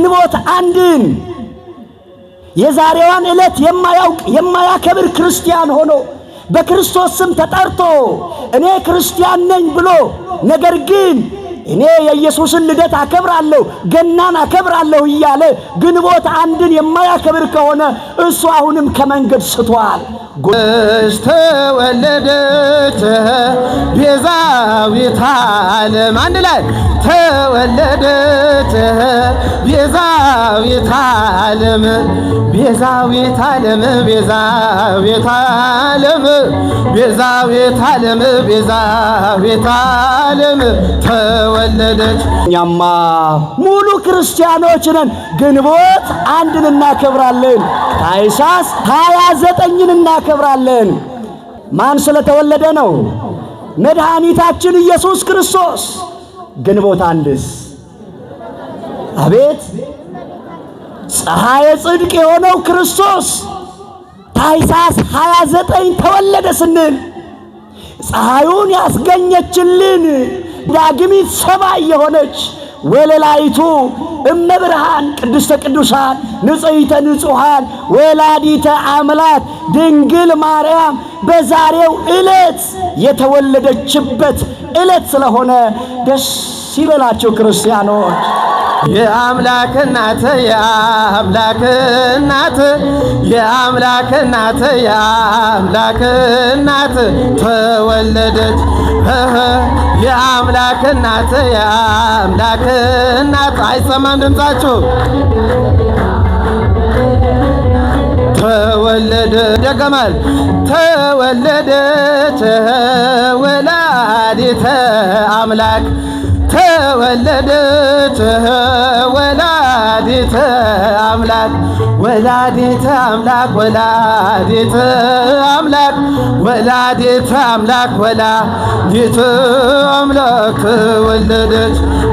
ግንቦት አንድን የዛሬዋን ዕለት የማያውቅ የማያከብር ክርስቲያን ሆኖ በክርስቶስ ስም ተጠርቶ እኔ ክርስቲያን ነኝ ብሎ ነገር ግን እኔ የኢየሱስን ልደት አከብራለሁ፣ ገናን አከብራለሁ እያለ ግንቦት አንድን የማያከብር ከሆነ እሱ አሁንም ከመንገድ ስቷል። ተወለደች ቤዛዊተ ዓለም አንድ ላይ ተወለደች ቤት ዓለም ቤዛ ቤት ዓለም ቤዛ ዓለም ቤዛ ዓለም ቤዛ ዓለም ተወለደች። እኛማ ሙሉ ክርስቲያኖች ነን። ግንቦት አንድን እናከብራለን። ታይሳስ ሃያ ዘጠኝን እናከብራለን። ማን ስለተወለደ ነው? መድኃኒታችን ኢየሱስ ክርስቶስ። ግንቦት አንድስ አቤት ፀሐየ ጽድቅ የሆነው ክርስቶስ ታኅሳስ 29 ተወለደ ስንል ፀሐዩን ያስገኘችልን ዳግሚት ሰማይ የሆነች ወለላይቱ እመብርሃን ቅድስተ ቅዱሳን ንጽሕተ ንጹሐን ወላዲተ አምላክ ድንግል ማርያም በዛሬው ዕለት የተወለደችበት ዕለት ስለሆነ ደስ ይበላችሁ ክርስቲያኖች። የአምላክ እናት የአምላክ እናት የአምላክ እናት የአምላክ እናት ተወለደች። የአምላክ እናት የአምላክ እናት አይሰማም ድምፃችሁ ተወለደ ደገማል ተወለደች ወላዲተ አምላክ ተወለደች ወላዲተ አምላክ ወላዲተ አምላክ ወላዲተ አምላክ ወላዲተ አምላክ ወላዲተ አምላክ ወለደች